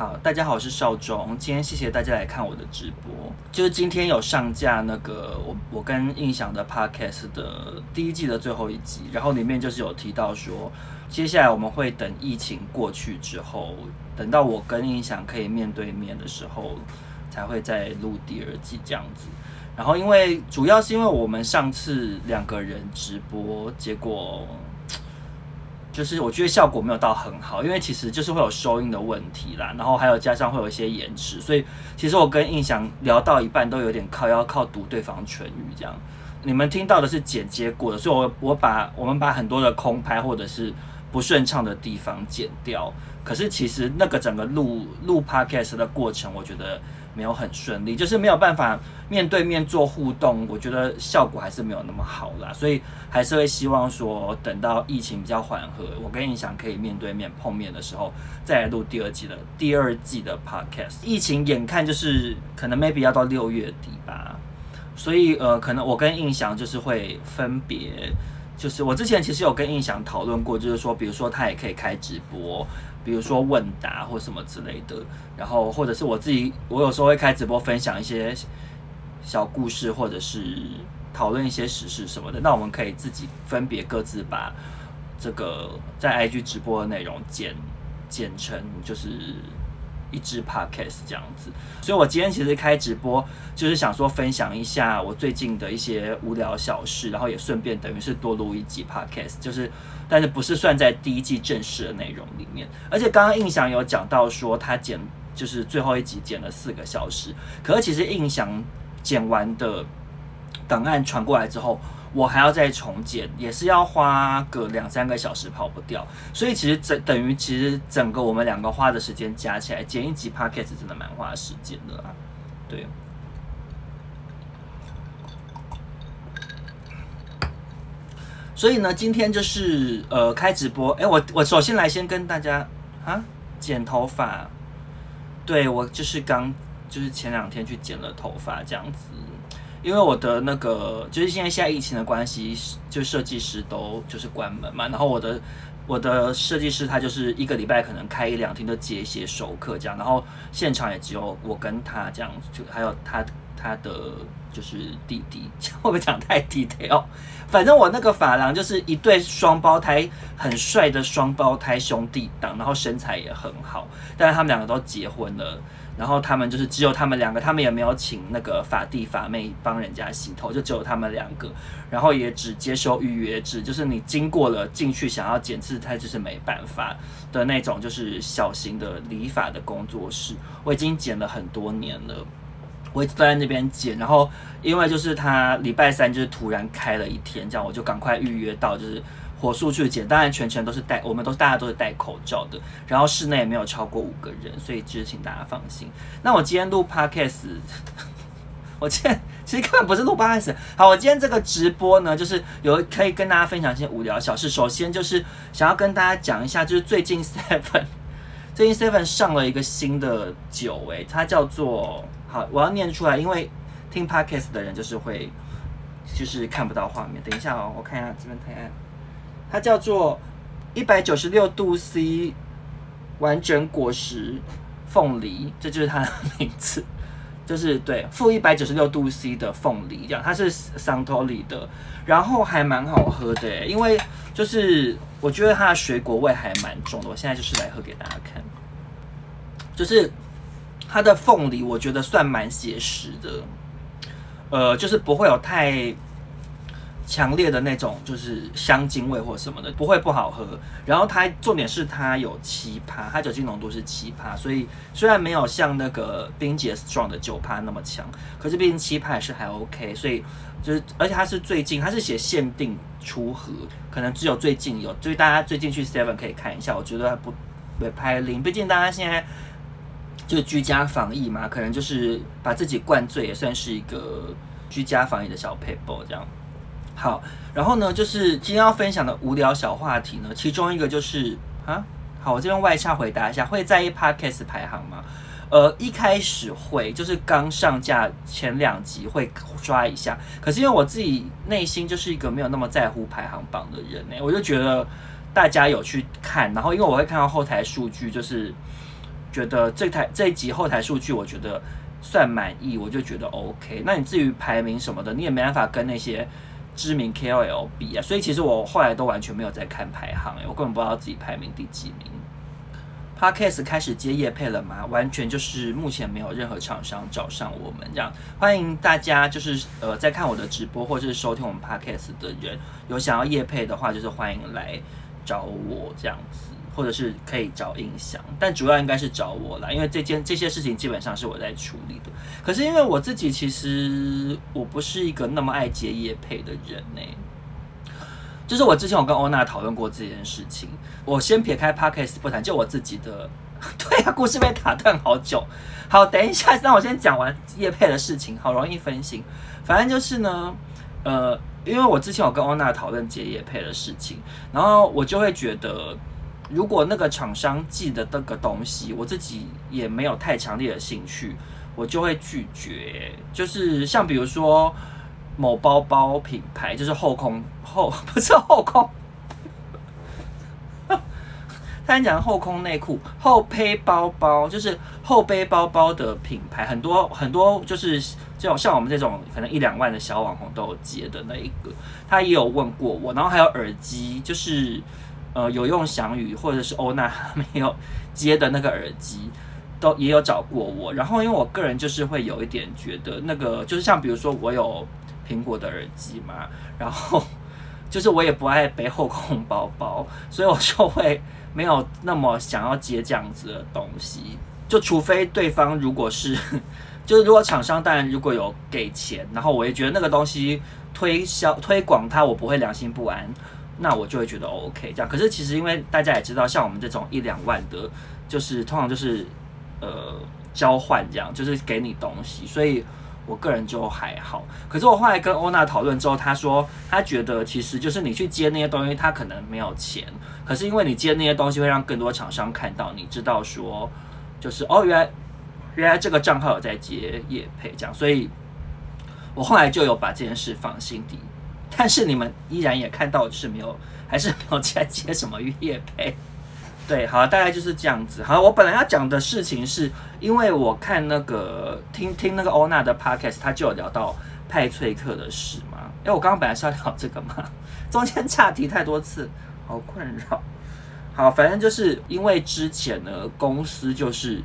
好，大家好，我是劭中。今天謝謝大家來看我的直播。就是今天有上架那個我我跟胤翔的 podcast 的第一季的最後一集，然後裡面就是有提到說，接下來我們會等疫情過去之後，等到我跟胤翔可以面對面的時候，才會再錄第二季這樣子。然後因為主要是因為我們上次兩個人直播結果，就是我覺得效果沒有到很好，因為其實就是會有收音的問題啦，然後還有加上會有一些延遲，所以其實我跟胤翔聊到一半都有點靠要靠讀對方唇語這樣。你們聽到的是剪接過的，所以我我把我們把很多的空拍或者是不順暢的地方剪掉，可是其實那個整個錄錄 podcast 的過程，我覺得。沒有很順利，就是沒有辦法面對面做互動，我覺得效果還是沒有那麼好啦，所以還是會希望說等到疫情比較緩和，我跟胤翔可以面對面碰面的時候，再來錄第二季的第二季的 podcast。疫情眼看就是可能 maybe 要到六月底吧，所以呃，可能我跟胤翔就是會分別，就是我之前其實有跟胤翔討論過，就是說比如說他也可以開直播。比如說問答或什麼之類的，然後或者是我自己，我有時候會開直播分享一些小故事，或者是討論一些時事什麼的。那我們可以自己分別各自把這個在 IG 直播的內容剪剪成，就是。一支 podcast 這樣子，所以我今天其實開直播，就是想說分享一下我最近的一些無聊小事，然後也順便等於是多錄一集 podcast，就是，但是不是算在第一季正式的內容裡面。而且剛剛胤翔有講到說他剪，就是最後一集剪了四個小時，可是其實胤翔剪完的檔案傳過來之後。我還要再重剪，也是要花個兩三個小時跑不掉，所以其實整等於其實整個我們兩個花的時間加起來，剪一集 podcast 真的蠻花時間的啊，對。所以呢，今天就是呃開直播，哎、欸，我我首先來先跟大家啊剪頭髮，對，我就是剛就是前兩天去剪了頭髮這樣子。因為我的那個，就是現在現在疫情的關係，就設計師都就是關門嘛。然後我的我的設計師他就是一個禮拜可能開一兩天的，接一些熟客這樣，然後現場也只有我跟他這樣，就還有他他的就是弟弟，會不會講太 detail？反正我那個髮廊就是一對雙胞胎，很帥的雙胞胎兄弟檔，然後身材也很好，但是他們兩個都結婚了，然後他們就是只有他們兩個，他們也沒有請那個髮弟髮妹幫人家洗頭，就只有他們兩個，然後也只接受預約制，就是你經過了進去想要剪次，他就是沒辦法的那種，就是小型的理髮的工作室，我已經剪了很多年了。我一直都在那邊剪，然後因為就是他禮拜三就是突然開了一天，這樣我就趕快預約到，就是火速去剪。當然全程都是戴，我們都大家都是戴口罩的，然後室內也沒有超過五個人，所以只是請大家放心。那我今天錄 Podcast，我今天其實根本不是錄 Podcast。好，我今天這個直播呢，就是有可以跟大家分享一些無聊小事。首先就是想要跟大家講一下，就是最近 Seven 最近 Seven 上了一個新的酒、欸，誒，它叫做。好，我要念出來，因為聽 Podcast 的人就是會，就是看不到畫面。等一下哦，我看一下這邊太暗。它叫做一百九十六度 C 完整果實鳳梨，這就是它的名字。就是對負一百九十六度 C 的鳳梨這樣，它是桑托利的，然後還蠻好喝的，因為就是我覺得它的水果味還蠻重的。我現在就是來喝給大家看，就是。它的鳳梨我覺得算蠻寫實的，呃，就是不會有太強烈的那種，就是香精味或什麼的，不會不好喝。然後它重點是它有七趴，它酒精濃度是七趴，所以雖然沒有像那個冰結 strong 的九趴那麼強，可是畢竟七趴是還 OK，所以就是，而且它是最近，它是寫限定出盒，可能只有最近有，所以大家最近去 seven 可以看一下。我覺得還不會拍零，畢竟大家現在。就居家防疫嘛，可能就是把自己灌醉，也算是一個居家防疫的小 paper 這樣。好，然後呢，就是今天要分享的無聊小話題呢，其中一個就是啊，好，我這邊外插回答一下，會在意 podcast 排行嗎？呃，一開始會，就是剛上架前兩集會刷一下，可是因為我自己內心就是一個沒有那麼在乎排行榜的人呢、欸，我就覺得大家有去看，然後因為我會看到後台數據，就是。覺得這台這一集後台數據，我覺得算滿意，我就覺得 OK。那你至於排名什麼的，你也沒辦法跟那些知名 KOL 比啊。所以其實我後來都完全沒有在看排行，欸，我根本不知道自己排名第幾名。Podcast 開始接業配了嗎？完全就是目前沒有任何廠商找上我們這樣。歡迎大家就是呃在看我的直播或者是收聽我們 Podcast 的人，有想要業配的話，就是歡迎來找我這樣子。或者是可以找胤翔，但主要應該是找我啦，因為這件這些事情基本上是我在處理的。可是因為我自己其實我不是一個那麼愛接業配的人呢、欸，就是我之前有跟歐娜討論過這件事情。我先撇開 podcast 不談，就我自己的，對啊，故事被打斷好久。好，等一下，讓我先講完業配的事情，好容易分心。反正就是呢，呃，因為我之前有跟歐娜討論接業配的事情，然後我就會覺得。如果那個廠商寄的那個東西，我自己也沒有太強烈的興趣，我就會拒絕。就是像比如說某包包品牌，就是後空後不是後空，他講後空內褲後背包包，就是後背包包的品牌，很多很多就是這種像我們這種可能一兩萬的小網紅都有接的那一個，他也有問過我，然後還有耳機，就是。呃，有用翔宇或者是歐娜沒有接的那個耳機，都也有找過我。然後，因為我個人就是會有一點覺得那個，就是像比如說我有蘋果的耳機嘛，然後就是我也不愛背後空包包，所以我就會沒有那麼想要接這樣子的東西。就除非對方如果是，就是如果廠商當然如果有給錢，然後我也覺得那個東西推銷推廣它，我不會良心不安。那我就會覺得 OK，這樣。可是其實因為大家也知道，像我們這種一兩萬的，就是通常就是呃交換這樣，就是給你東西，所以我個人就還好。可是我後來跟歐娜討論之後，她說她覺得其實就是你去接那些東西，他可能沒有錢。可是因為你接那些東西，會讓更多廠商看到你，你知道說就是哦，原來原來這個賬號有在接業配這樣，所以我後來就有把這件事放心底。但是你們依然也看到，是沒有，還是沒有再接什麼業配對，好，大概就是這樣子。好，我本來要講的事情是，因為我看那個聽聽那個歐娜的 podcast，他就有聊到派翠克的事嘛。因、欸、為我剛剛本來是要聊這個嘛，中間岔題太多次，好困擾。好，反正就是因為之前呢，公司就是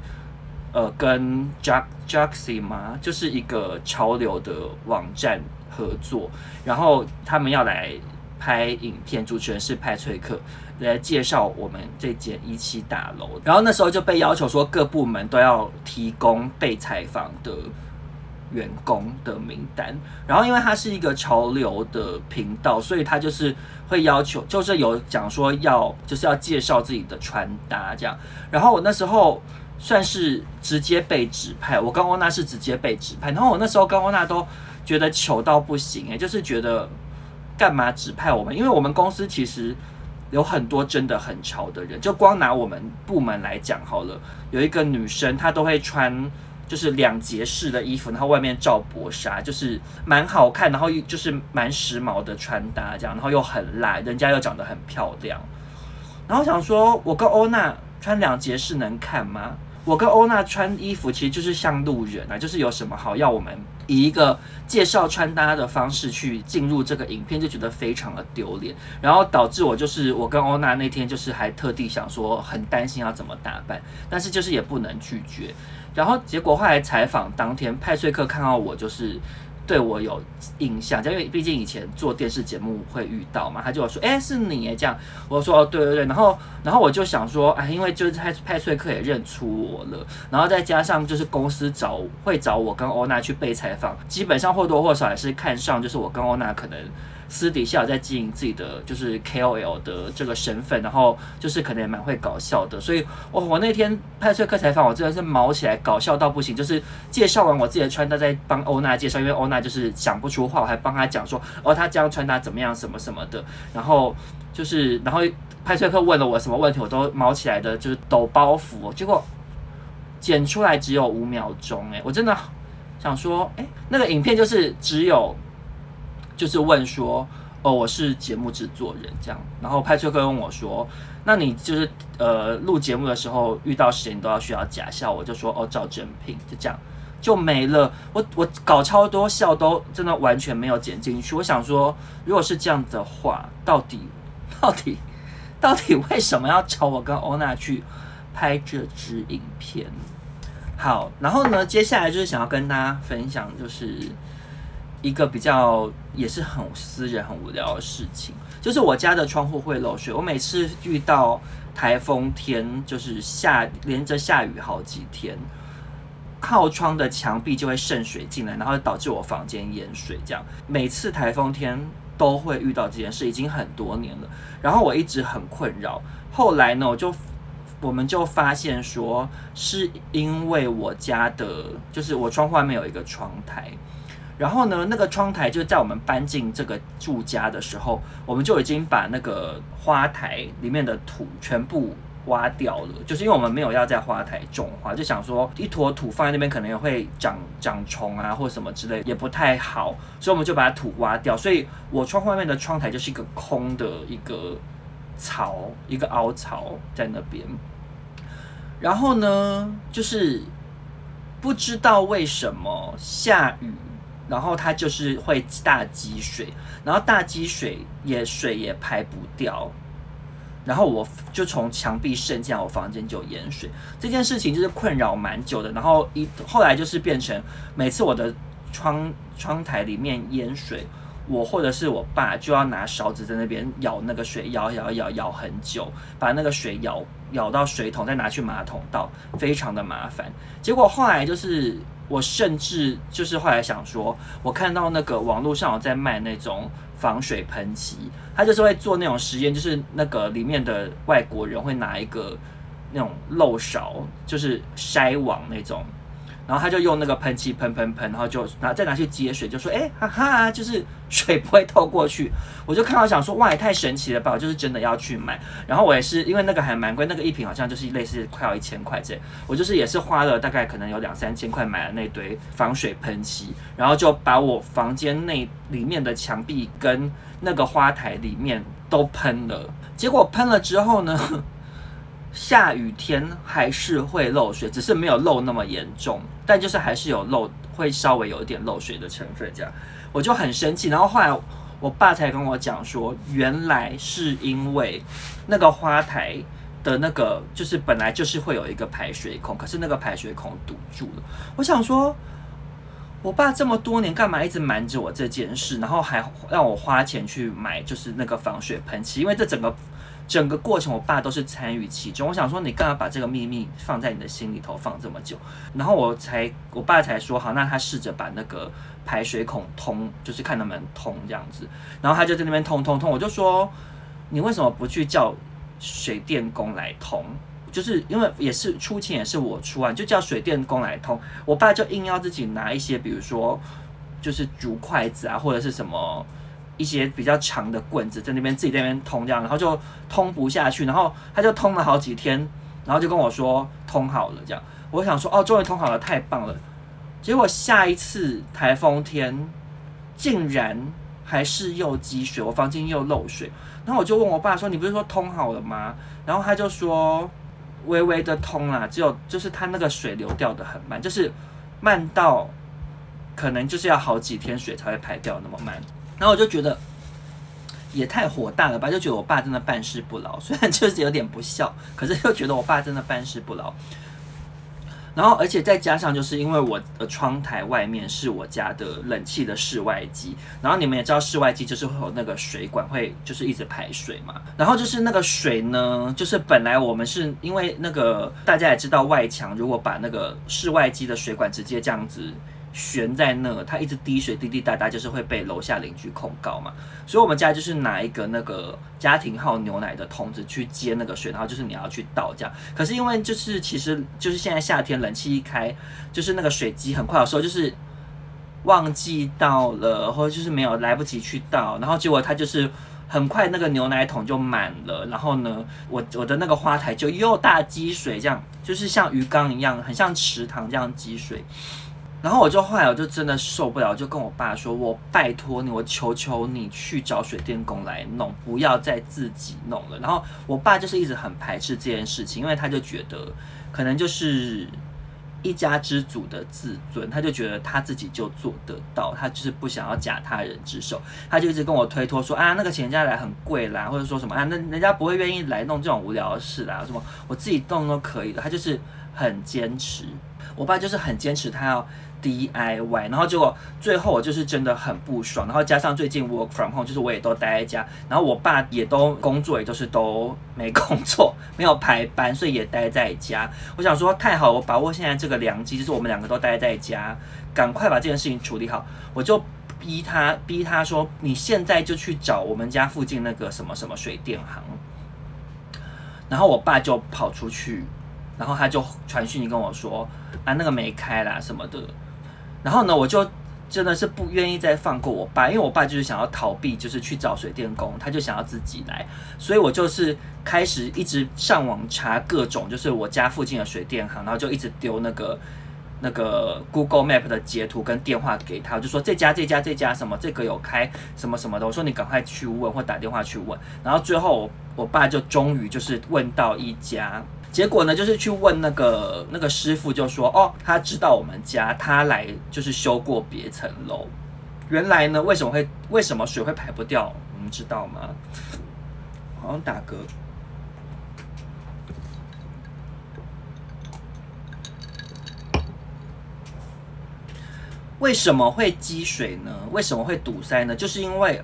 呃跟 Juksy 嗎，就是一個潮流的網站。合作，然後他們要來拍影片，主持人是派崔克來介紹我們這間一期大樓。然後那時候就被要求說，各部門都要提供被採訪的員工的名單。然後，因為它是一個潮流的頻道，所以他就是會要求，就是有講說要就是要介紹自己的穿搭這樣。然後我那時候算是直接被指派，我跟歐娜是直接被指派。然後我那時候跟歐娜都。覺得糗到不行誒、欸，就是覺得幹嘛指派我們？因為我們公司其實有很多真的很潮的人，就光拿我們部門來講好了。有一個女生，她都會穿就是兩截式的衣服，然後外面罩薄紗，就是蠻好看，然後就是蠻時髦的穿搭這樣，然後又很辣，人家又長得很漂亮。然後想說，我跟歐娜穿兩截式能看嗎？我跟歐娜穿衣服其實就是像路人啊，就是有什麼好要我們？以一個介紹穿搭的方式去進入這個影片，就覺得非常的丟臉，然後導致我就是我跟歐娜那天就是還特地想說很擔心要怎麼打扮，但是就是也不能拒絕，然後結果後來採訪當天派翠克看到我就是。對我有印象，因為畢竟以前做電視節目會遇到嘛，他就說：“哎、欸，是你耶，這樣。我說”我、哦、說：“對對對。”然後，然後我就想說：“啊，因為就是派翠克也認出我了，然後再加上就是公司找會找我跟歐娜去被採訪，基本上或多或少也是看上就是我跟歐娜可能。”私底下在經營自己的就是 KOL 的這個身份，然後就是可能也蠻會搞笑的，所以我、哦、我那天派翠克採訪，我真的是毛起來搞笑到不行，就是介紹完我自己的穿搭再幫歐娜介紹，因為歐娜就是講不出話，我還幫她講說，哦她這樣穿搭怎麼樣，什麼什麼的，然後就是然後派翠克問了我什麼問題，我都毛起來的，就是抖包袱，結果剪出來只有五秒鐘，哎，我真的想說，哎、欸，那個影片就是只有。就是問說，哦，我是節目制作人這樣，然後拍攝哥問我說，那你就是呃錄節目的時候遇到誰你都要需要假笑，我就說哦找真品就這樣就沒了。我我搞超多笑都真的完全沒有剪進去。我想說，如果是這樣的話，到底到底到底為什麼要找我跟歐娜去拍這支影片？好，然後呢，接下來就是想要跟大家分享，就是一個比較。也是很私人、很無聊的事情，就是我家的窗戶會漏水。我每次遇到台風天，就是下連着下雨好幾天，靠窗的牆壁就會滲水進來，然後導致我房間淹水。這樣每次台風天都會遇到這件事，已經很多年了。然後我一直很困擾。後來呢，我就我們就發現說，是因為我家的，就是我窗戶外面有一個窗台。然後呢，那個窗台就在我們搬進這個住家的時候，我們就已經把那個花台裡面的土全部挖掉了。就是因為我們沒有要在花台種花，就想說一坨土放在那邊可能也會長長蟲啊，或什麼之類也不太好，所以我們就把土挖掉。所以我窗戶外面的窗台就是一個空的一個槽，一個凹槽在那邊。然後呢，就是不知道為什麼下雨。然後它就是會大積水，然後大積水也水也排不掉，然後我就從牆壁滲進來，我房間就淹水。這件事情就是困擾蠻久的。然後一後來就是變成每次我的窗窗台裡面淹水，我或者是我爸就要拿勺子在那邊舀那個水，舀舀舀很久，把那個水舀舀到水桶，再拿去馬桶倒，非常的麻煩。結果後來就是。我甚至就是後來想說，我看到那個網絡上有在賣那種防水噴漆，它就是會做那種實驗，就是那個裡面的外國人會拿一個那種漏勺，就是篩網那種。然後他就用那個噴漆噴噴噴，噴，然後就拿再拿去接水，就說：“哎、欸、哈哈，就是水不會透過去。”我就看到想說：“哇，也太神奇了！”吧！’我就是真的要去買。然後我也是因為那個還蠻貴，那個一瓶好像就是類似快要一千塊錢。我就是也是花了大概可能有兩三千塊買了那堆防水噴漆，然後就把我房間內裡面的牆壁跟那個花台裡面都噴了。結果噴了之後呢？下雨天還是會漏水，只是沒有漏那麼嚴重，但就是還是有漏，會稍微有一點漏水的成分這樣。我就很生氣，然後後來我爸才跟我講說，原來是因為那個花台的那個，就是本來就是會有一個排水孔，可是那個排水孔堵住了。我想說，我爸這麼多年幹嘛一直瞞着我這件事，然後還讓我花錢去買就是那個防水噴漆，因為這整個。整個過程，我爸都是參與其中。我想說，你幹嘛把這個秘密放在你的心裡頭放這麼久？然後我才，我爸才說，好，那他試着把那個排水孔通，就是看能不能通這樣子。然後他就在那邊通通通，我就說，你為什麼不去叫水電工來通？就是因為也是出錢，也是我出啊，就叫水電工來通。我爸就硬要自己拿一些，比如說就是竹筷子啊，或者是什麼。一些比較長的棍子在那邊自己在那邊通這樣，然後就通不下去，然後他就通了好幾天，然後就跟我說通好了這樣。我想說哦，終於通好了，太棒了。結果下一次台風天，竟然還是又積水，我房間又漏水。然後我就問我爸說：“你不是說通好了嗎？”然後他就說：“微微的通啦、啊，只有就是他那個水流掉的很慢，就是慢到可能就是要好幾天水才會排掉那麼慢。”然後我就覺得，也太火大了吧！就覺得我爸真的辦事不牢，雖然就是有點不孝，可是又覺得我爸真的辦事不牢。然後，而且再加上，就是因為我的窗台外面是我家的冷氣的室外機。然後你們也知道，室外機就是會有那個水管會就是一直排水嘛。然後就是那個水呢，就是本來我們是因為那個大家也知道，外牆如果把那個室外機的水管直接這樣子。懸在那，它一直滴水滴滴答答，就是會被樓下鄰居控告嘛。所以我們家就是拿一個那個家庭號牛奶的桶子去接那個水，然後就是你要去倒這樣。可是因為就是其實就是現在夏天冷氣一開，就是那個水積很快，有時候就是忘記倒了，或者就是沒有來不及去倒，然後結果它就是很快那個牛奶桶就滿了，然後呢，我我的那個花台就又大積水，這樣就是像魚缸一樣，很像池塘這樣積水。然後我就後來我就真的受不了，就跟我爸說：“我拜託你，我求求你，去找水電工來弄，不要再自己弄了。”然後我爸就是一直很排斥這件事情，因為他就覺得可能就是一家之主的自尊，他就覺得他自己就做得到，他就是不想要假他人之手。他就一直跟我推脫說：“啊，那個請人家來很貴啦，或者說什麼啊，那人家不會願意來弄這種無聊的事啦，什麼我自己弄都可以的。”他就是很堅持，我爸就是很堅持，他要。DIY，然後結果最後我就是真的很不爽，然後加上最近 work from home，就是我也都待在家，然後我爸也都工作，也就是都沒工作，沒有排班，所以也待在家。我想說太好，我把握現在這個良機，就是我們兩個都待在家，趕快把這件事情處理好。我就逼他，逼他說你現在就去找我們家附近那個什麼什麼水電行。然後我爸就跑出去，然後他就傳訊息跟我說啊那個沒開啦什麼的。然後呢，我就真的是不願意再放過我爸，因為我爸就是想要逃避，就是去找水電工，他就想要自己來，所以我就是開始一直上網查各種，就是我家附近的水電行，然後就一直丟那個那個 Google Map 的截圖跟電話給他，就說這家這家這家什麼這個有開什麼什麼的，我說你趕快去問或打電話去問，然後最後我，我爸就終於就是問到一家。結果呢，就是去問那個那個師傅，就說哦，他知道我們家，他來就是修過別層樓。原來呢，為什麼會為什麼水會排不掉？你們知道嗎？好像打嗝。為什麼會積水呢？為什麼會堵塞呢？就是因為。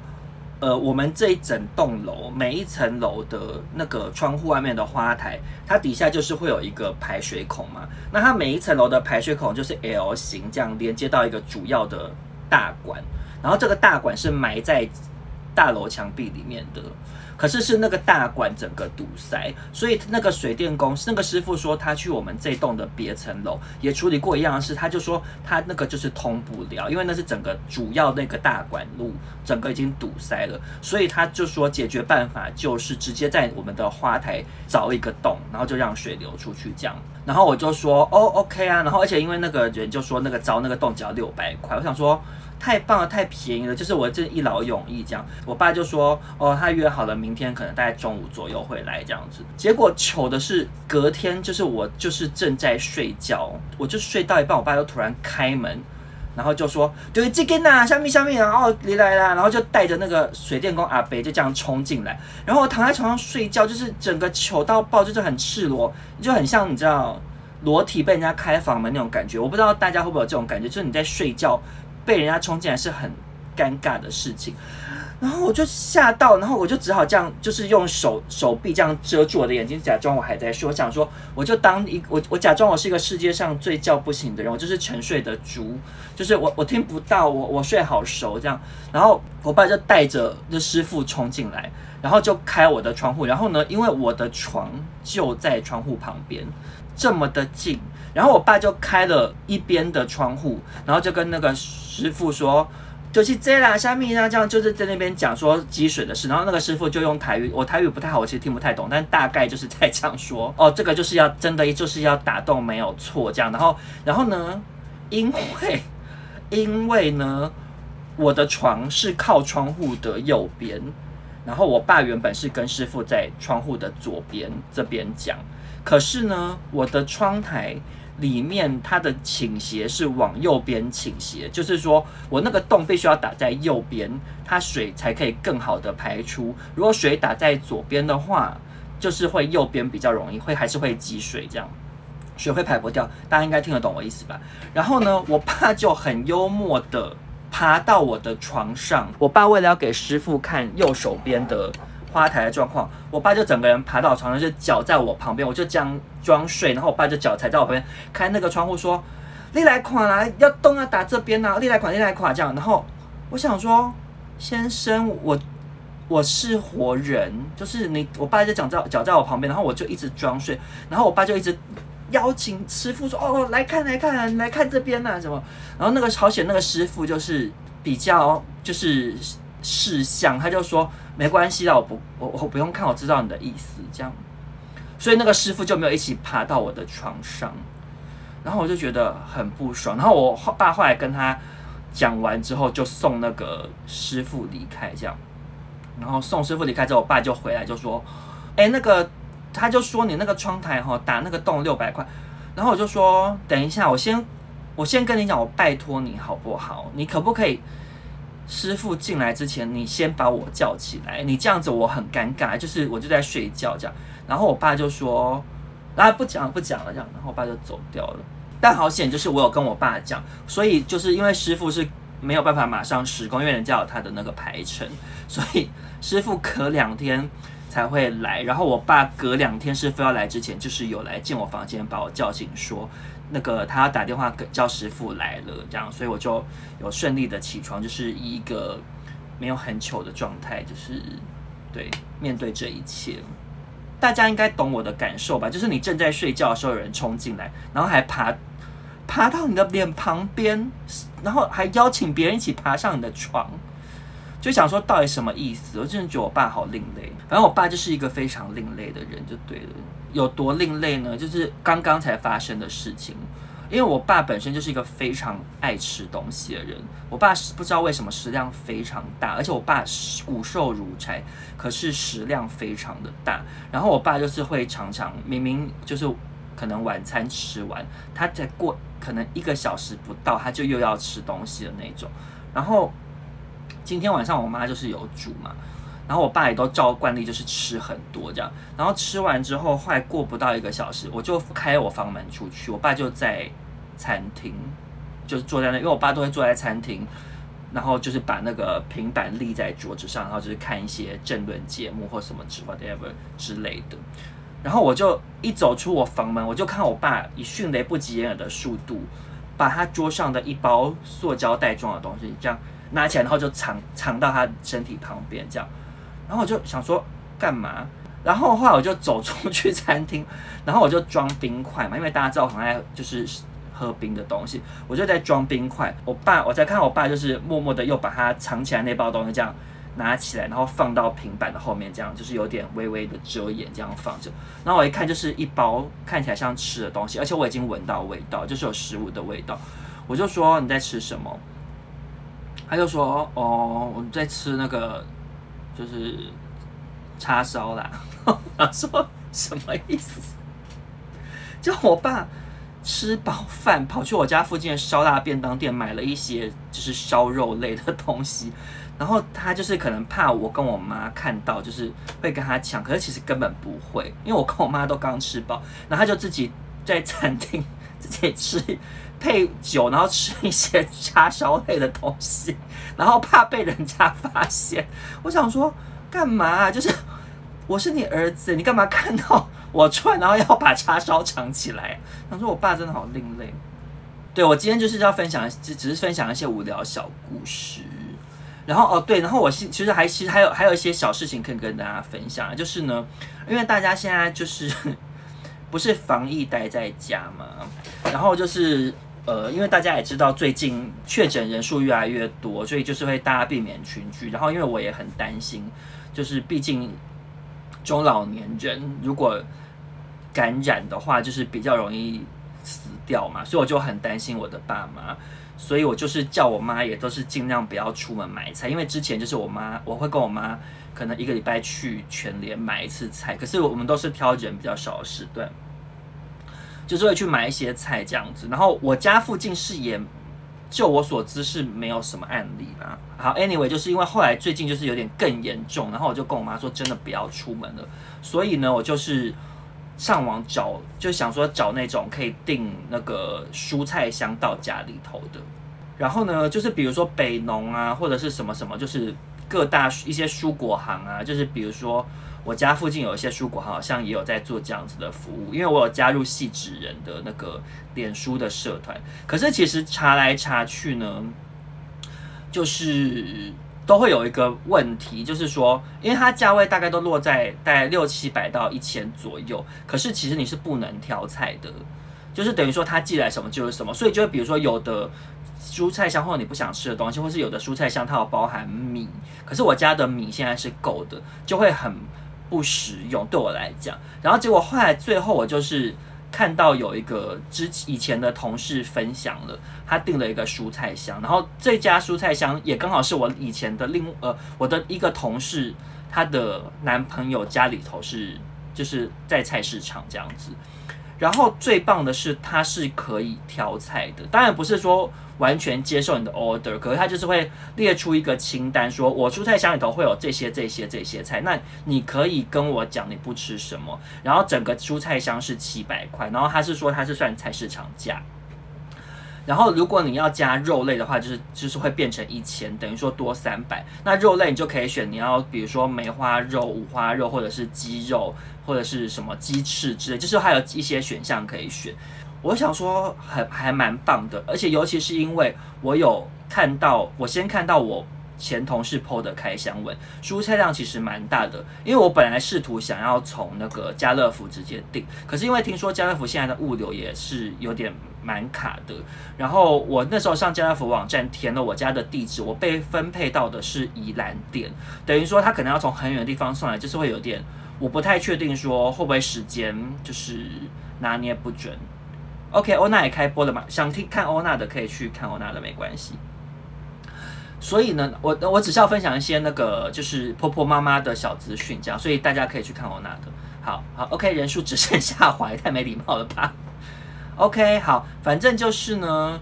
呃，我們這一整棟樓，每一層樓的那個窗戶外面的花台，它底下就是會有一個排水孔嘛。那它每一層樓的排水孔就是 L 型這樣連接到一個主要的大管，然後這個大管是埋在大樓牆壁裡面的。可是是那個大管整個堵塞，所以那個水電工、那個師傅說他去我們這棟的別層樓也處理過一樣的事，他就說他那個就是通不了，因為那是整個主要那個大管路整個已經堵塞了，所以他就說解決辦法就是直接在我們的花台鑿一個洞，然後就讓水流出去這樣。然後我就說哦，OK 啊，然後而且因為那個人就說那個鑿那個洞只要六百塊，我想說。太棒了，太便宜了，就是我這一勞永逸這樣。我爸就說：“哦，他約好了，明天可能大概中午左右會來這樣子。”結果糗的是隔天，就是我就是正在睡覺，我就睡到一半，我爸就突然開門，然後就說：“對，這邊吶，下面下面，然後你來啦。”然後就帶着那個水電工阿伯就這樣衝進來，然後我躺在床上睡覺，就是整個糗到爆，就是很赤裸，就很像你知道裸體被人家開房門那種感覺。我不知道大家會不會有這種感覺，就是你在睡覺被人家衝進來是很尷尬的事情，然後我就嚇到，然後我就只好這樣，就是用手手臂這樣遮住我的眼睛，假裝我還在睡。我想說，我就當一我我假裝我是一個世界上最叫不醒的人，我就是沉睡的豬，就是我我聽不到，我我睡好熟這樣。然後我爸就帶着那師傅衝進來，然後就開我的窗戶，然後呢，因為我的床就在窗戶旁邊。這麼的近，然後我爸就開了一邊的窗戶，然後就跟那個師傅說，就是這啦下面這樣，就是在那邊講說積水的事。然後那個師傅就用台語，我台語不太好，我其實聽不太懂，但大概就是在講說，哦，這個就是要真的就是要打洞，沒有錯，這樣。然後，然後呢，因為因為呢，我的床是靠窗戶的右邊，然後我爸原本是跟師傅在窗戶的左邊這邊講。可是呢，我的窗台裡面它的傾斜是往右邊傾斜，就是說我那個洞必須要打在右邊，它水才可以更好的排出。如果水打在左邊的話，就是會右邊比較容易會還是會積水這樣，水會排不掉。大家應該聽得懂我意思吧？然後呢，我爸就很幽默地爬到我的床上，我爸為了要給師傅看右手邊的花臺的狀況，我爸就整個人爬到床上，就腳在我旁邊，我就這樣裝睡，然後我爸就腳踩在我旁邊，開那個窗戶說：“你來垮啊，要動啊，打這邊吶、啊，你來垮，你來垮這樣。”然後我想說：“先生，我我是活人，就是你。”我爸就腳在腳在我旁邊，然後我就一直裝睡，然後我爸就一直邀請師傅說：“哦，來看，來看，來看這邊吶、啊，什麼？”然後那個朝鮮那個師傅就是比較就是識相，他就說。沒關係啦，我不，我我不用看，我知道你的意思，這樣，所以那個師傅就沒有一起爬到我的床上，然後我就覺得很不爽，然後我爸後來跟他講完之後，就送那個師傅離開，這樣，然後送師傅離開之後，我爸就回來就說，欸，那個他就說你那個窗台哦，打那個洞六百塊，然後我就說等一下，我先我先跟你講，我拜托你好不好，你可不可以？師傅進來之前，你先把我叫起來。你這樣子我很尷尬，就是我就在睡覺這樣。然後我爸就說：“那、啊、不講不講了這樣。”然後我爸就走掉了。但好險，就是我有跟我爸講，所以就是因為師傅是沒有辦法馬上施工，因為人家有他的那個排程，所以師傅隔兩天才會來。然後我爸隔兩天師傅要來之前，就是有來進我房間把我叫醒說。那個他打電話叫師傅來了，這樣，所以我就有順利的起床，就是以一個沒有很糗的狀態，就是對，面對這一切，大家應該懂我的感受吧？就是你正在睡覺的時候，有人衝進來，然後還爬爬到你的臉旁邊，然後還邀請別人一起爬上你的床，就想說到底什麼意思？我真的覺得我爸好另類，反正我爸就是一個非常另類的人，就對了。有多另類呢？就是剛剛才發生的事情，因為我爸本身就是一個非常愛吃東西的人。我爸是不知道為什麼食量非常大，而且我爸骨瘦如柴，可是食量非常的大。然後我爸就是會常常明明就是可能晚餐吃完，他才過可能一個小時不到，他就又要吃東西的那種。然後今天晚上我媽就是有煮嘛。然後我爸也都照慣例就是吃很多這樣，然後吃完之後，後來過不到一個小時，我就開我房門出去，我爸就在餐廳，就是坐在那，因為我爸都會坐在餐廳，然後就是把那個平板立在桌子上，然後就是看一些政論節目或什麼之 whatever 之類的。然後我就一走出我房門，我就看我爸以迅雷不及掩耳的速度，把他桌上的一包塑膠袋裝的東西這樣拿起來，然後就藏藏到他身體旁邊這樣。然後我就想說，幹嘛？然後的話我就走出去餐廳，然後我就裝冰塊嘛，因為大家知道我很愛就是喝冰的東西，我就在裝冰塊。我爸，我在看我爸，就是默默的又把它藏起來那包東西，這樣拿起來，然後放到平板的後面，這樣就是有點微微的遮掩，這樣放着。然後我一看，就是一包看起來像吃的東西，而且我已經聞到味道，就是有食物的味道。我就說，你在吃什麼？他就說哦，我們在吃那個。就是叉燒啦，他說什麼意思？就我爸吃飽飯跑去我家附近的燒臘便當店買了一些就是燒肉類的東西，然後他就是可能怕我跟我媽看到就是會跟他搶，可是其實根本不會，因為我跟我媽都剛吃飽，然後他就自己在餐廳自己吃。配酒，然後吃一些叉燒類的東西，然後怕被人家發現。我想說，幹嘛啊？就是我是你兒子，你幹嘛看到我穿，然後要把叉燒藏起來？想說我爸真的好另類。對，我今天就是要分享，只只是分享一些無聊小故事。然後哦，對，然後我其實還其實還有還有一些小事情可以跟大家分享，就是呢，因為大家現在就是不是防疫待在家嘛，然後就是。呃，因為大家也知道最近確診人數越來越多，所以就是會大家避免群聚。然後，因為我也很擔心，就是畢竟中老年人如果感染的話，就是比較容易死掉嘛，所以我就很擔心我的爸媽。所以我就是叫我媽，也都是盡量不要出門買菜，因為之前就是我媽，我會跟我媽可能一個禮拜去全聯買一次菜，可是我們都是挑人比較少的時段。就是會去買一些菜這樣子，然後我家附近是也，就我所知是沒有什麼案例吧。好，anyway，就是因為後來最近就是有點更嚴重，然後我就跟我媽說，真的不要出門了。所以呢，我就是上網找，就想說找那種可以訂那個蔬菜箱到家裡頭的。然後呢，就是比如說北農啊，或者是什麼什麼，就是各大一些蔬果行啊，就是比如說。我家附近有一些蔬果好像也有在做這樣子的服務。因為我有加入戲紙人的那個臉書的社團，可是其實查來查去呢，就是都會有一個問題，就是說，因為它價位大概都落在大概六七百到一千左右，可是其實你是不能挑菜的，就是等於說它寄來什麼就是什麼。所以就比如說有的蔬菜箱或者你不想吃的東西，或是有的蔬菜箱它有包含米，可是我家的米現在是夠的，就會很。不實用，對我來講。然後結果後來最後我就是看到有一個之以前的同事分享了，他訂了一個蔬菜箱。然後這家蔬菜箱也剛好是我以前的另呃，我的一個同事，她的男朋友家裡頭是，就是在菜市場這樣子。然後最棒的是，它，是可以挑菜的。當然不是說完全接受你的 order，可是它就是會列出一個清單，說我蔬菜箱裡頭會有這些、這些、這些菜。那你可以跟我講你不吃什麼，然後整個蔬菜箱是七百塊，然後它是說它是算菜市場價。然後如果你要加肉類的話，就是就是會變成一千，等於說多三百。那肉類你就可以選你要，比如說梅花肉、五花肉或者是雞肉。或者是什麼雞翅之類，就是還有一些選項可以選。我想說，還還蠻棒的，而且尤其是因為我有看到，我先看到我前同事 PO 的開箱文，蔬菜量其實蠻大的。因為我本來試圖想要從那個家樂福直接訂，可是因為聽說家樂福現在的物流也是有點蠻卡的。然後我那時候上家樂福網站填了我家的地址，我被分配到的是宜蘭店，等於說他可能要從很遠的地方送來，就是會有點。我不太確定說會不會時間就是拿捏不準。OK，歐娜也開播了嘛？想聽看歐娜的可以去看歐娜的沒關係。所以呢，我我只是要分享一些那個就是婆婆媽媽的小資訊，這樣，所以大家可以去看歐娜的。好好，OK，人數只剩下懷，太沒禮貌了吧 ？OK，好，反正就是呢，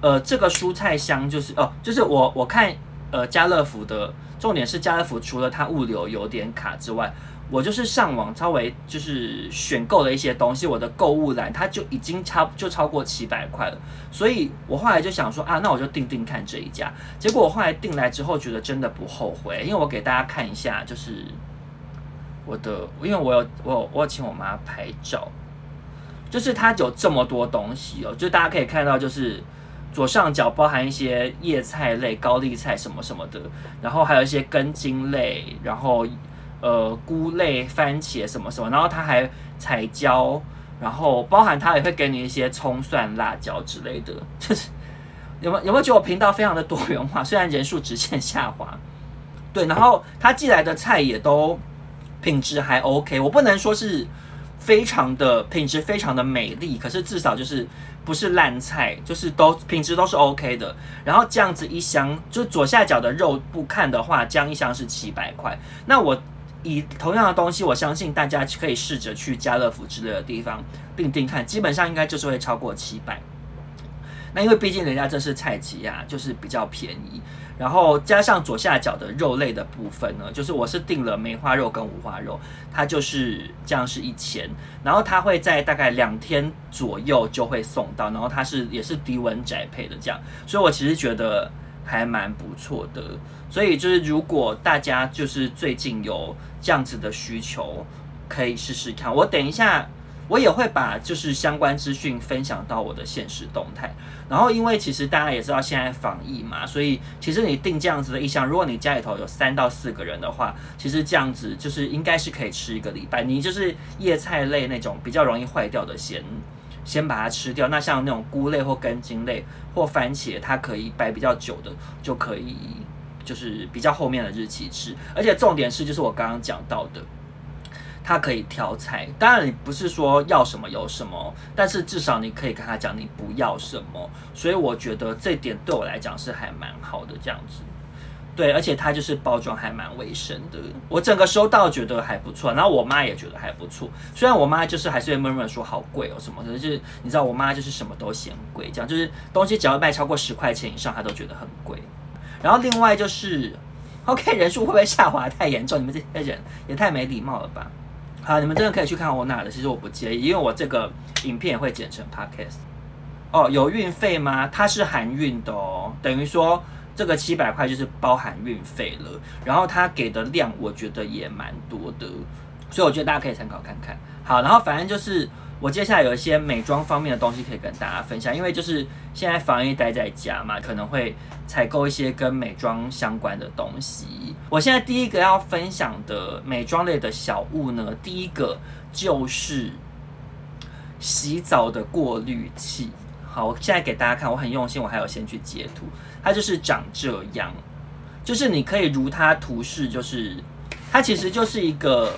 呃，這個蔬菜箱就是哦，就是我我看呃家樂福的重點是家樂福除了它物流有點卡之外。我就是上網稍微就是選購了一些東西，我的購物籃它就已經超就超過七百塊了，所以我後來就想說啊，那我就定定看這一家。結果我後來定來之後，覺得真的不後悔，因為我給大家看一下，就是我的，因為我有我有我有我有請我媽拍照，就是它有這麼多東西哦、喔，就大家可以看到，就是左上角包含一些葉菜類，高麗菜什麼什麼的，然後還有一些根莖類，然後。呃，菇類、番茄什麼什麼，然後他還彩椒，然後包含他也會給你一些蔥、蒜、辣椒之類的。就是，有沒有有沒有覺得我頻道非常的多元化？雖然人數直線下滑，對，然後他寄來的菜也都品質還 OK，我不能說是非常的品質非常的美麗，可是至少就是不是爛菜，就是都品質都是 OK 的。然後這樣子一箱，就左下角的肉不看的話，這樣一箱是七百塊，那我。以同樣的東西，我相信大家可以試着去家樂福之類的地方訂訂看，基本上應該就是會超過七百。那因為畢竟人家這是菜雞啊，就是比較便宜。然後加上左下角的肉類的部分呢，就是我是訂了梅花肉跟五花肉，它就是這樣是一千。然後它會在大概兩天左右就會送到，然後它是也是低溫宅配的這樣，所以我其實覺得。還蠻不錯的，所以就是如果大家就是最近有這樣子的需求，可以試試看。我等一下我也會把就是相關資訊分享到我的限時動態。然後因為其實大家也知道現在防疫嘛，所以其實你訂這樣子的一箱，如果你家裡頭有三到四個人的話，其實這樣子就是應該是可以吃一個禮拜。你就是葉菜類那種比較容易壞掉的咸。先把它吃掉。那像那種菇類或根莖類或番茄，它可以擺比較久的，就可以就是比較後面的日期吃。而且重點是，就是我剛剛講到的，它可以挑菜。當然你不是說要什麼有什麼，但是至少你可以跟他講你不要什麼。所以我覺得這點對我來講是還蠻好的，這樣子。對，而且它就是包裝還蠻衛生的，我整個收到覺得還不錯，然後我媽也覺得還不錯。雖然我媽就是還是會悶悶說好貴哦、喔、什麼的，就是你知道我媽就是什麼都嫌貴，這樣就是東西只要賣超過十塊錢以上，她都覺得很貴。然後另外就是，OK，人數會不會下滑太嚴重？你們這些人也太沒禮貌了吧？好，你們真的可以去看我那的，其實我不介意，因為我這個影片也會剪成 Podcast。哦，有運費嗎？它是含運的哦，等於說。這個七百塊就是包含運費了，然後它給的量我覺得也蠻多的，所以我覺得大家可以參考看看。好，然後反正就是我接下來有一些美妝方面的東西可以跟大家分享，因為就是現在防疫待在家嘛，可能會採購一些跟美妝相關的東西。我現在第一個要分享的美妝類的小物呢，第一個就是洗澡的過濾器。好，我現在給大家看，我很用心，我還有先去截圖。它就是長這樣，就是你可以如它圖示，就是它其實就是一個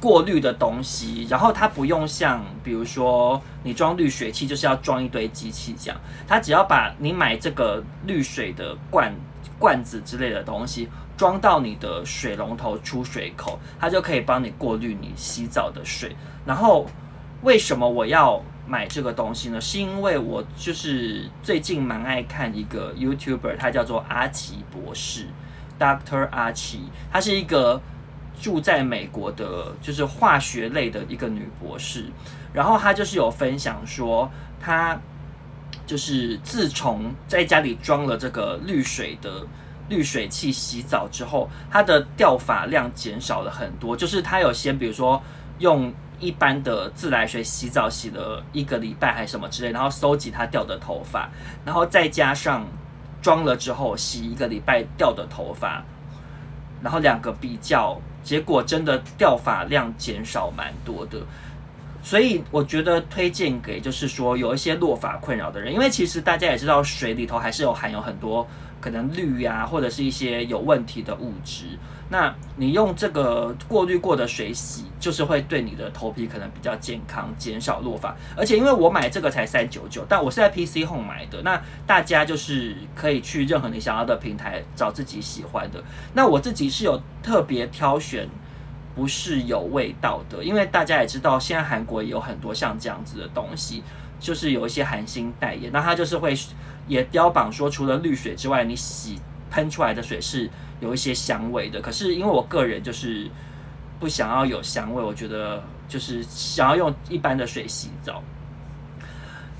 過濾的東西，然後它不用像，比如說你裝濾水器，就是要裝一堆機器這樣。它只要把你買這個濾水的罐罐子之類的東西裝到你的水龍頭出水口，它就可以幫你過濾你洗澡的水。然後為什麼我要？買這個東西呢，是因為我就是最近蠻愛看一個 YouTuber，他叫做阿奇博士，Doctor 阿奇，Archie，他是一個住在美國的，就是化學類的一個女博士。然後他就是有分享說，他就是自從在家裡裝了這個濾水的濾水器洗澡之後，他的掉髮量減少了很多。就是他有先比如說用。一般的自來水洗澡洗了一個禮拜還是什麼之類，然後搜集他掉的頭髮，然後再加上裝了之後洗一個禮拜掉的頭髮，然後兩個比較，結果真的掉髮量減少蠻多的，所以我覺得推薦給就是說有一些落髮困擾的人，因為其實大家也知道水裡頭還是有含有很多可能氯呀、啊、或者是一些有問題的物質。那你用這個過濾過的水洗，就是會對你的頭皮可能比較健康，減少落髮。而且因為我買這個才三九九，但我是在 PC Home 買的。那大家就是可以去任何你想要的平台找自己喜歡的。那我自己是有特別挑選，不是有味道的，因為大家也知道，現在韓國也有很多像這樣子的東西，就是有一些韓星代言，那他就是會也標榜說，除了濾水之外，你洗噴出來的水是。有一些香味的，可是因為我個人就是不想要有香味，我覺得就是想要用一般的水洗澡。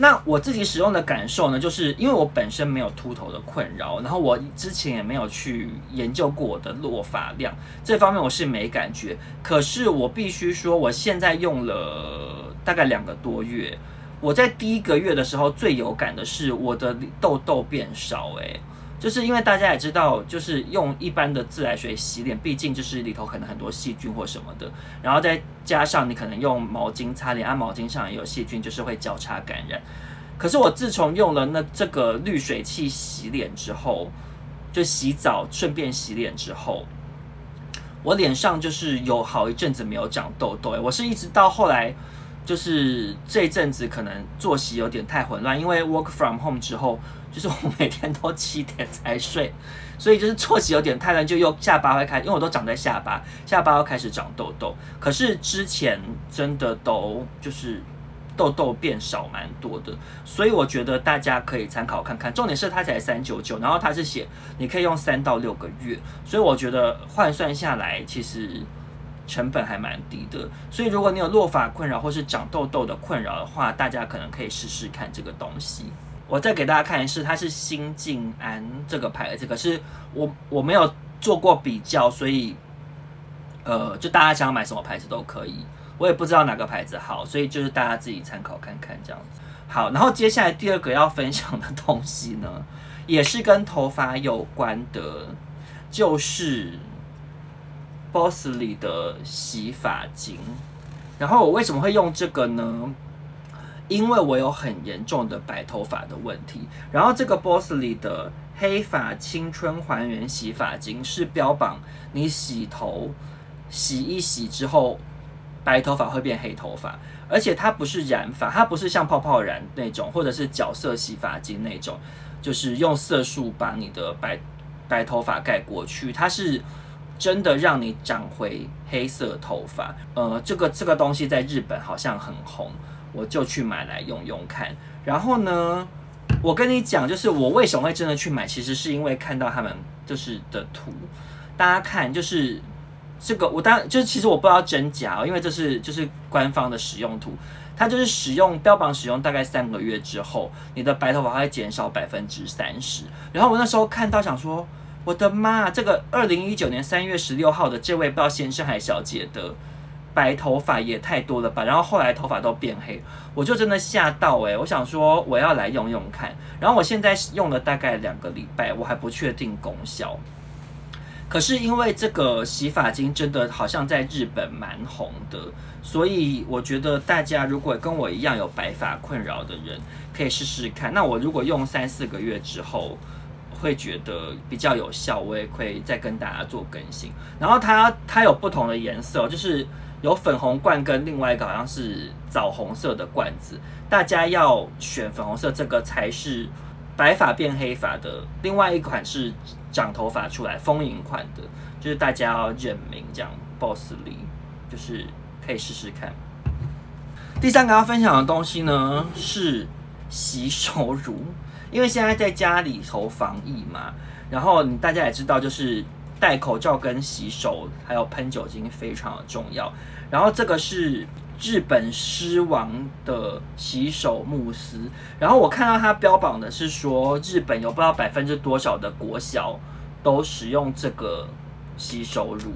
那我自己使用的感受呢，就是因為我本身沒有禿頭的困擾，然後我之前也沒有去研究過我的落髮量這方面，我是沒感覺。可是我必須說，我現在用了大概兩個多月，我在第一個月的時候最有感的是我的痘痘變少誒，哎。就是因為大家也知道，就是用一般的自來水洗臉，畢竟就是裡頭可能很多細菌或什麼的，然後再加上你可能用毛巾擦臉，啊，毛巾上也有細菌，就是會交叉感染。可是我自從用了那這個濾水器洗臉之後，就洗澡順便洗臉之後，我臉上就是有好一陣子沒有長痘痘欸。我是一直到後來，就是這陣子可能作息有點太混亂，因為 work from home 之後。就是我每天都七點才睡，所以就是作息有點太亂，就又下巴會開，因為我都長在下巴，下巴又開始長痘痘。可是之前真的都就是痘痘變少蠻多的，所以我覺得大家可以參考看看。重點是它才三九九，然後它是寫你可以用三到六個月，所以我覺得換算下來其實成本還蠻低的。所以如果你有落髮困擾或是長痘痘的困擾的話，大家可能可以試試看這個東西。我再給大家看一次，它是新靜安這個牌子，可是我我沒有做過比較，所以，呃，就大家想要買什麼牌子都可以，我也不知道哪個牌子好，所以就是大家自己參考看看這樣子。好，然後接下來第二個要分享的東西呢，也是跟頭髮有關的，就是 Bossley 的洗髮精。然後我為什麼會用這個呢？因為我有很嚴重的白頭髮的問題，然後這個 Bossley 的黑髮青春還原洗髮精是標榜你洗頭洗一洗之後白頭髮會變黑頭髮，而且它不是染髮，它不是像泡泡染那種或者是角色洗髮精那種，就是用色素把你的白白頭髮蓋過去，它是真的讓你長回黑色頭髮。呃，這個這個東西在日本好像很紅。我就去買來用用看，然後呢，我跟你講，就是我為什麼會真的去買，其實是因為看到他們就是的圖，大家看，就是這個，就是這個我當就是其實我不知道真假哦，因為這是就是官方的使用圖，它就是使用標榜使用大概三個月之後，你的白頭髮會減少百分之三十，然後我那時候看到想說，我的媽，這個二零一九年三月十六號的這位不知道先生還小姐的。白頭髮也太多了吧，然後後來頭髮都變黑，我就真的嚇到誒、欸，我想說我要來用用看，然後我現在用了大概兩個禮拜，我還不確定功效。可是因為這個洗髮精真的好像在日本蠻紅的，所以我覺得大家如果跟我一樣有白髮困擾的人，可以試試看。那我如果用三四個月之後會覺得比較有效，我也會再跟大家做更新。然後它它有不同的顏色，就是。有粉紅罐跟另外一個好像是棗紅色的罐子，大家要選粉紅色這個才是白髮變黑髮的，另外一款是長頭髮出來豐盈款的，就是大家要認明這樣。Bossly 就是可以試試看。第三個要分享的東西呢是洗手乳，因為現在在家裡頭防疫嘛，然後大家也知道就是。戴口罩、跟洗手，還有噴酒精非常的重要。然後這個是日本獅王的洗手慕斯。然後我看到它標榜的是說，日本有不知道百分之多少的國小都使用這個洗手乳。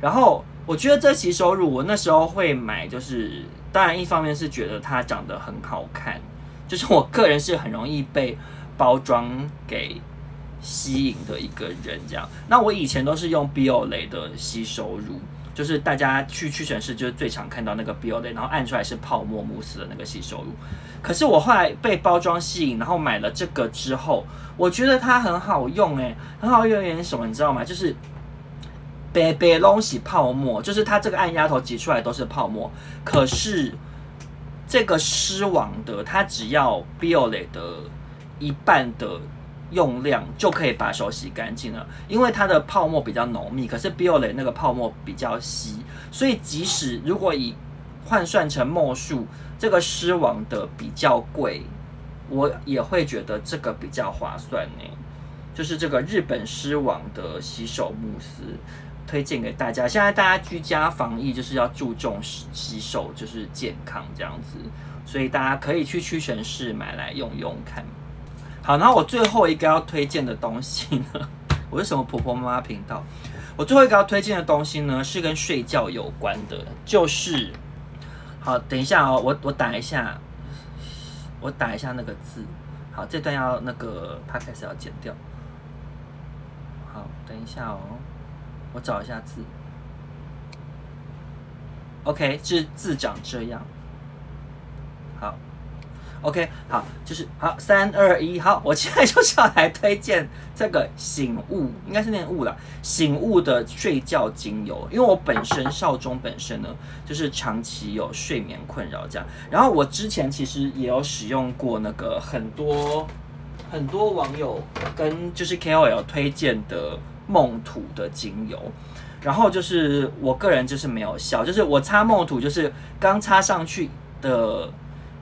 然後我覺得這洗手乳，我那時候會買，就是當然一方面是覺得它長得很好看，就是我個人是很容易被包裝給。吸引的一個人這樣，那我以前都是用 Bio 雷的吸收乳，就是大家去屈臣氏就是最常看到那個 Bio 雷，然後按出來是泡沫慕斯的那個吸收乳。可是我後來被包裝吸引，然後買了這個之後，我覺得它很好用誒、欸，很好用原因什麼你知道嗎？就是白白弄起泡沫，就是它這個按壓頭擠出來都是泡沫。可是這個獅王的，它只要 Bio 雷的一半的。用量就可以把手洗乾淨了，因為它的泡沫比較濃密，可是 Biore 那個泡沫比較稀，所以即使如果以換算成墨數，這個獅王的比較貴，我也會覺得這個比較划算耶。就是這個日本獅王的洗手慕斯推薦給大家。現在大家居家防疫就是要注重洗手，就是健康這樣子，所以大家可以去屈臣氏買來用用看。好，然後我最後一個要推薦的東西呢，我是什麼婆婆媽媽頻道。我最後一個要推薦的東西呢，是跟睡覺有關的，就是，好，等一下哦，我我打一下，我打一下那個字。好，這段要那個 podcast 要剪掉。好，等一下哦，我找一下字。OK，這字，字長這樣。OK，好，就是好，三二一，好，我現在就是要來推薦這個醒悟，應該是念悟啦，醒悟的睡覺精油，因為我本身少中本身呢，就是長期有睡眠困擾這樣，然後我之前其實也有使用過那個很多很多網友跟就是 KOL 推薦的夢土的精油，然後就是我個人就是沒有效，就是我擦夢土就是剛擦上去的。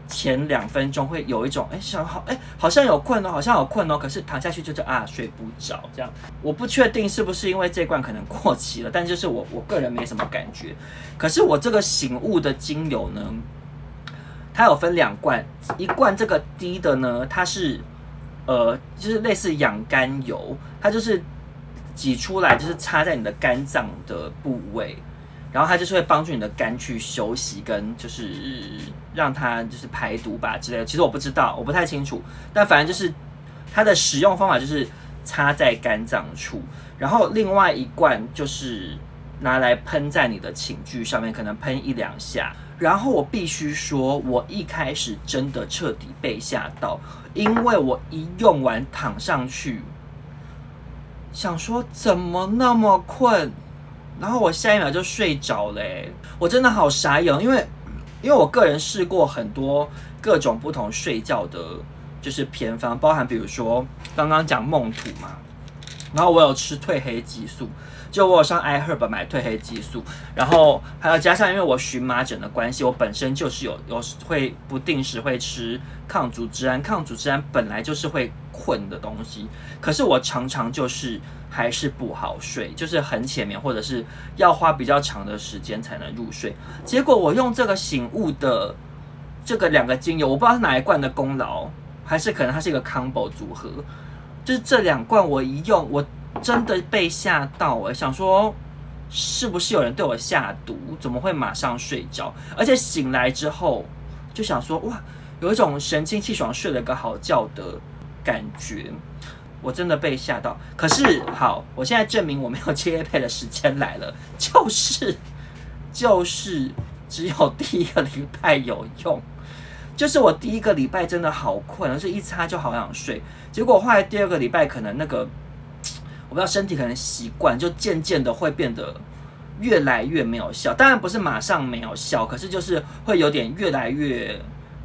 前兩分鐘會有一種哎、欸、想好哎、欸、好像有困哦、喔、好像有困哦、喔，可是躺下去就是啊睡不着這樣。我不確定是不是因為這罐可能過期了，但就是我我個人沒什麼感覺。可是我這個醒悟的精油呢，它有分兩罐，一罐這個滴的呢，它是呃就是類似養肝油，它就是擠出來就是插在你的肝臟的部位。然後它就是會幫助你的肝去休息，跟就是讓它就是排毒吧之類的。其實我不知道，我不太清楚。但反正就是它的使用方法就是擦在肝臟處，然後另外一罐就是拿來噴在你的寢具上面，可能噴一兩下。然後我必須說，我一開始真的徹底被嚇到，因為我一用完躺上去，想說怎麼那麼困。然後我下一秒就睡着嘞、欸,我真的好傻眼，因為因為我個人試過很多各種不同睡覺的，就是偏方，包含比如說剛剛講夢土嘛，然後我有吃褪黑激素，就我有上 iHerb 買褪黑激素，然後還有加上因為我蕁麻疹的關係，我本身就是有有會不定時會吃抗組織胺，抗組織胺本來就是會困的東西，可是我常常就是。還是不好睡，就是很淺眠，或者是要花比較長的時間才能入睡。結果我用這個醒悟的這個兩個精油，我不知道是哪一罐的功勞，還是可能它是一個 combo 組合。就是這兩罐我一用，我真的被嚇到了，想說是不是有人對我下毒？怎麼會馬上睡着？而且醒來之後就想說，哇，有一種神清氣爽、睡了個好覺的感覺。我真的被嚇到，可是好，我現在證明我沒有切配的時間來了，就是就是只有第一個禮拜有用，就是我第一個禮拜真的好困，而、就是一擦就好想睡，結果後來第二個禮拜可能那個我不知道身體可能習慣，就漸漸的會變得越來越沒有效，當然不是馬上沒有效，可是就是會有點越來越。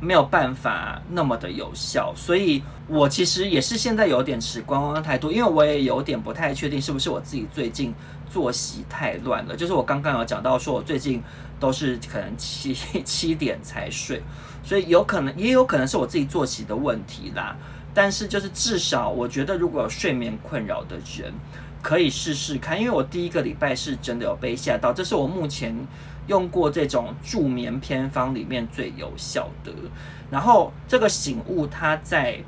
沒有辦法那麼的有效，所以我其實也是現在有點持觀望的態度，因為我也有點不太確定是不是我自己最近作息太亂了。就是我剛剛有講到，說我最近都是可能七七點才睡，所以有可能也有可能是我自己作息的問題啦。但是就是至少我覺得，如果有睡眠困擾的人可以試試看，因為我第一個禮拜是真的有被嚇到，這是我目前。用過這種助眠偏方裡面最有效的。然後這個醒悟它在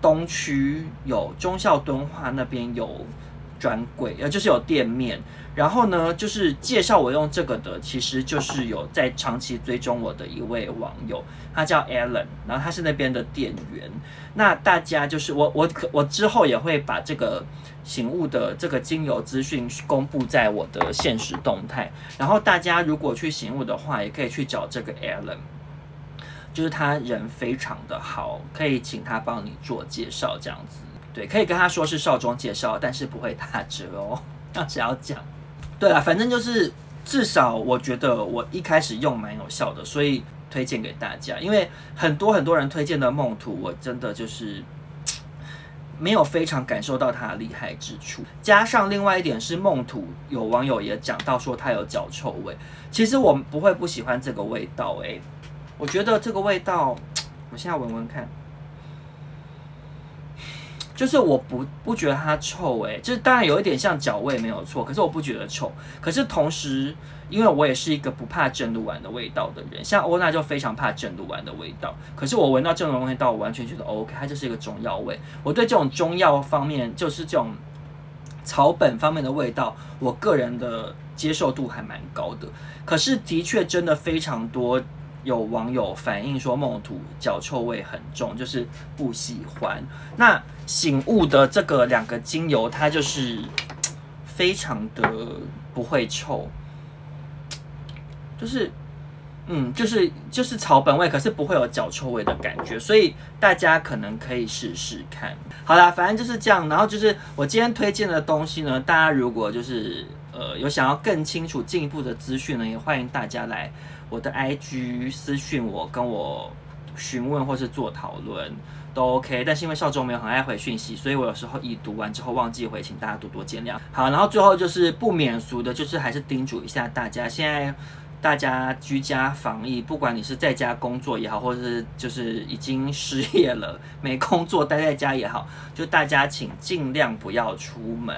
東區有忠孝敦化那邊有專櫃，呃，就是有店面。然後呢，就是介紹我用這個的，其實就是有在長期追蹤我的一位網友，他叫 Alan，然後他是那邊的店員。那大家就是我我我之後也會把這個醒悟的這個精油資訊公布在我的限時動態。然後大家如果去醒悟的話，也可以去找這個 Alan，就是他人非常的好，可以請他幫你做介紹這樣子。對，可以跟他說是劭中介紹，但是不會打折哦。那只要講。對啊，反正就是至少我覺得我一開始用蠻有效的，所以推薦給大家。因為很多很多人推薦的夢土，我真的就是沒有非常感受到它的厲害之處。加上另外一點是夢土，有網友也講到說它有腳臭味。其實我不會不喜歡這個味道。誒，我覺得這個味道，我現在聞聞看。就是我不不覺得它臭誒、欸。就是當然有一點像腳味沒有錯，可是我不覺得臭。可是同時，因為我也是一個不怕正露丸的味道的人，像歐娜就非常怕正露丸的味道。可是我聞到這種味道，我完全覺得 OK，它就是一個中藥味。我對這種中藥方面，就是這種草本方面的味道，我個人的接受度還蠻高的。可是的確真的非常多。有網友反映說夢土腳臭味很重，就是不喜歡。那醒悟的這個兩個精油，它就是非常的不會臭，就是，嗯，就是就是草本味，可是不會有腳臭味的感覺，所以大家可能可以試試看。好啦，反正就是這樣。然後就是我今天推薦的東西呢，大家如果就是呃有想要更清楚進一步的資訊呢，也歡迎大家來。我的 IG 私訊我跟我詢問或是做討論都 OK，但是因為劭中沒有很愛回訊息，所以我有時候已讀完之後忘記回，請大家多多見諒。好，然後最後就是不免俗的，就是還是叮囑一下大家，現在大家居家防疫，不管你是在家工作也好，或者是就是已經失業了沒工作待在家也好，就大家請盡量不要出門。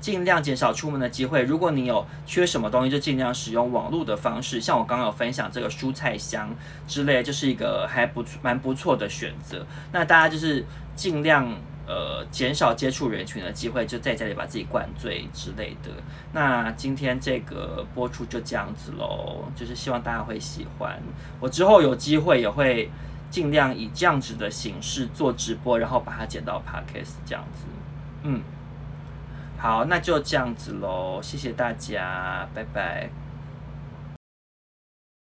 盡量減少出門的機會。如果你有缺什麼東西，就盡量使用網絡的方式。像我剛剛有分享這個蔬菜箱之類，就是一個還不錯，蠻不錯的選擇。那大家就是盡量呃減少接觸人群的機會，就在家裡把自己灌醉之類的。那今天這個播出就這樣子嘍，就是希望大家會喜歡。我之後有機會也會盡量以這樣子的形式做直播，然後把它剪到 podcast 這樣子。嗯。好，那就這樣子嘍，謝謝大家，拜拜。